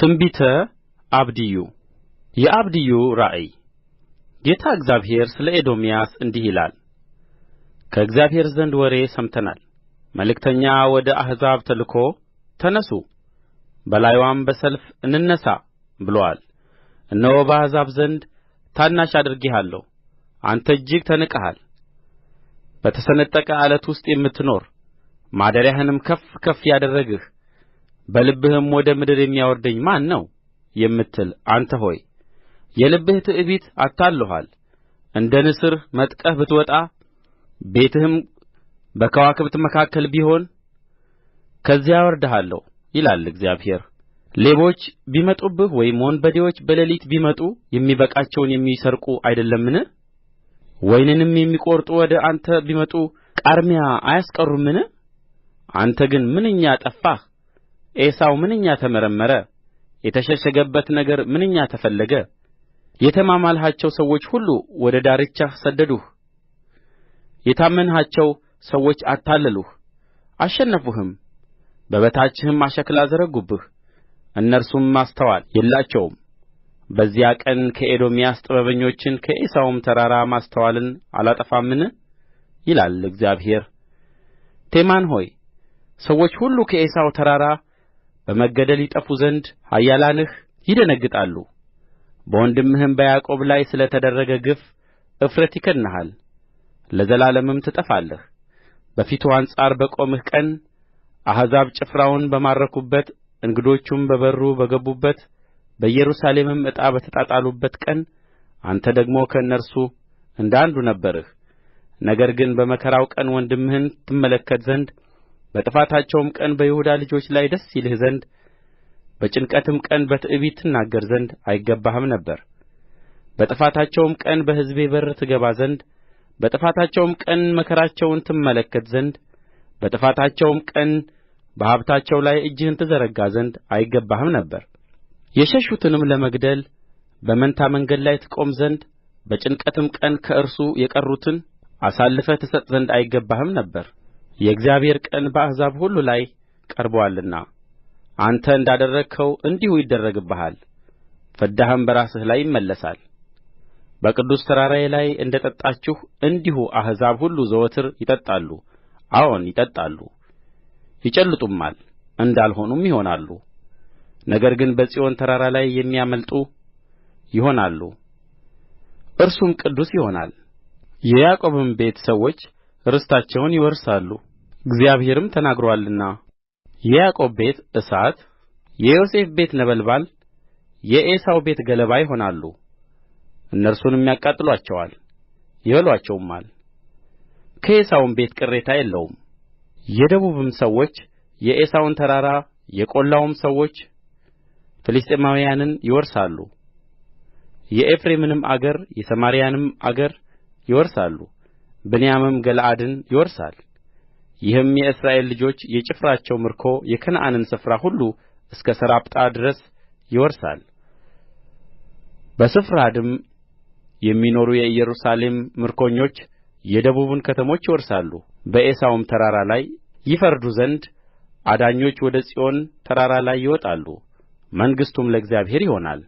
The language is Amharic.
ትንቢተ አብድዩ የአብድዩ ራእይ ጌታ እግዚአብሔር ስለ ኤዶምያስ እንዲህ ይላል ከእግዚአብሔር ዘንድ ወሬ ሰምተናል መልእክተኛ ወደ አሕዛብ ተልኮ ተነሱ በላይዋም በሰልፍ እንነሣ ብሎአል እነሆ በአሕዛብ ዘንድ ታናሽ አድርጌሃለሁ አንተ እጅግ ተንቀሃል በተሰነጠቀ ዓለት ውስጥ የምትኖር ማደሪያህንም ከፍ ከፍ ያደረግህ በልብህም ወደ ምድር የሚያወርደኝ ማን ነው የምትል አንተ ሆይ የልብህ ትዕቢት አታልሎሃል እንደ ንስር መጥቀህ ብትወጣ ቤትህም በከዋክብት መካከል ቢሆን ከዚያ አወርድሃለሁ ይላል እግዚአብሔር። ሌቦች ቢመጡብህ ወይም ወንበዴዎች በሌሊት ቢመጡ የሚበቃቸውን የሚሰርቁ አይደለምን? ወይንንም የሚቈርጡ ወደ አንተ ቢመጡ ቃርሚያ አያስቀሩምን? አንተ ግን ምንኛ ጠፋህ! ዔሳው ምንኛ ተመረመረ የተሸሸገበት ነገር ምንኛ ተፈለገ የተማማልሃቸው ሰዎች ሁሉ ወደ ዳርቻህ ሰደዱህ የታመንሃቸው ሰዎች አታለሉህ አሸነፉህም በበታችህም አሸክላ ዘረጉብህ እነርሱም ማስተዋል የላቸውም በዚያ ቀን ከኤዶምያስ ጥበበኞችን ከዔሳውም ተራራ ማስተዋልን አላጠፋምን ይላል እግዚአብሔር ቴማን ሆይ ሰዎች ሁሉ ከዔሳው ተራራ በመገደል ይጠፉ ዘንድ ኃያላንህ ይደነግጣሉ በወንድምህም በያዕቆብ ላይ ስለ ተደረገ ግፍ እፍረት ይከድንሃል ለዘላለምም ትጠፋለህ በፊቱ አንጻር በቆምህ ቀን አሕዛብ ጭፍራውን በማረኩበት እንግዶቹም በበሩ በገቡበት በኢየሩሳሌምም ዕጣ በተጣጣሉበት ቀን አንተ ደግሞ ከእነርሱ እንደ አንዱ ነበርህ ነገር ግን በመከራው ቀን ወንድምህን ትመለከት ዘንድ በጥፋታቸውም ቀን በይሁዳ ልጆች ላይ ደስ ይልህ ዘንድ በጭንቀትም ቀን በትዕቢት ትናገር ዘንድ አይገባህም ነበር በጥፋታቸውም ቀን በሕዝቤ በር ትገባ ዘንድ በጥፋታቸውም ቀን መከራቸውን ትመለከት ዘንድ በጥፋታቸውም ቀን በሀብታቸው ላይ እጅህን ትዘረጋ ዘንድ አይገባህም ነበር የሸሹትንም ለመግደል በመንታ መንገድ ላይ ትቆም ዘንድ በጭንቀትም ቀን ከእርሱ የቀሩትን አሳልፈህ ትሰጥ ዘንድ አይገባህም ነበር የእግዚአብሔር ቀን በአሕዛብ ሁሉ ላይ ቀርቦአልና አንተ እንዳደረግኸው እንዲሁ ይደረግብሃል ፍዳህም በራስህ ላይ ይመለሳል በቅዱስ ተራራዬ ላይ እንደ ጠጣችሁ እንዲሁ አሕዛብ ሁሉ ዘወትር ይጠጣሉ አዎን ይጠጣሉ ይጨልጡማል እንዳልሆኑም ይሆናሉ ነገር ግን በጽዮን ተራራ ላይ የሚያመልጡ ይሆናሉ እርሱም ቅዱስ ይሆናል የያዕቆብም ቤት ሰዎች ርስታቸውን ይወርሳሉ እግዚአብሔርም ተናግሮአልና የያዕቆብ ቤት እሳት የዮሴፍ ቤት ነበልባል የዔሳው ቤት ገለባ ይሆናሉ እነርሱንም ያቃጥሉአቸዋል ይበሉአቸውማል ከዔሳውም ቤት ቅሬታ የለውም የደቡብም ሰዎች የዔሳውን ተራራ የቈላውም ሰዎች ፍልስጥኤማውያንን ይወርሳሉ የኤፍሬምንም አገር የሰማርያንም አገር ይወርሳሉ ብንያምም ገለዓድን ይወርሳል ይህም የእስራኤል ልጆች የጭፍራቸው ምርኮ የከነዓንን ስፍራ ሁሉ እስከ ሰራጵታ ድረስ ይወርሳል በስፋራድም የሚኖሩ የኢየሩሳሌም ምርኮኞች የደቡብን ከተሞች ይወርሳሉ በዔሳውም ተራራ ላይ ይፈርዱ ዘንድ አዳኞች ወደ ጽዮን ተራራ ላይ ይወጣሉ መንግሥቱም ለእግዚአብሔር ይሆናል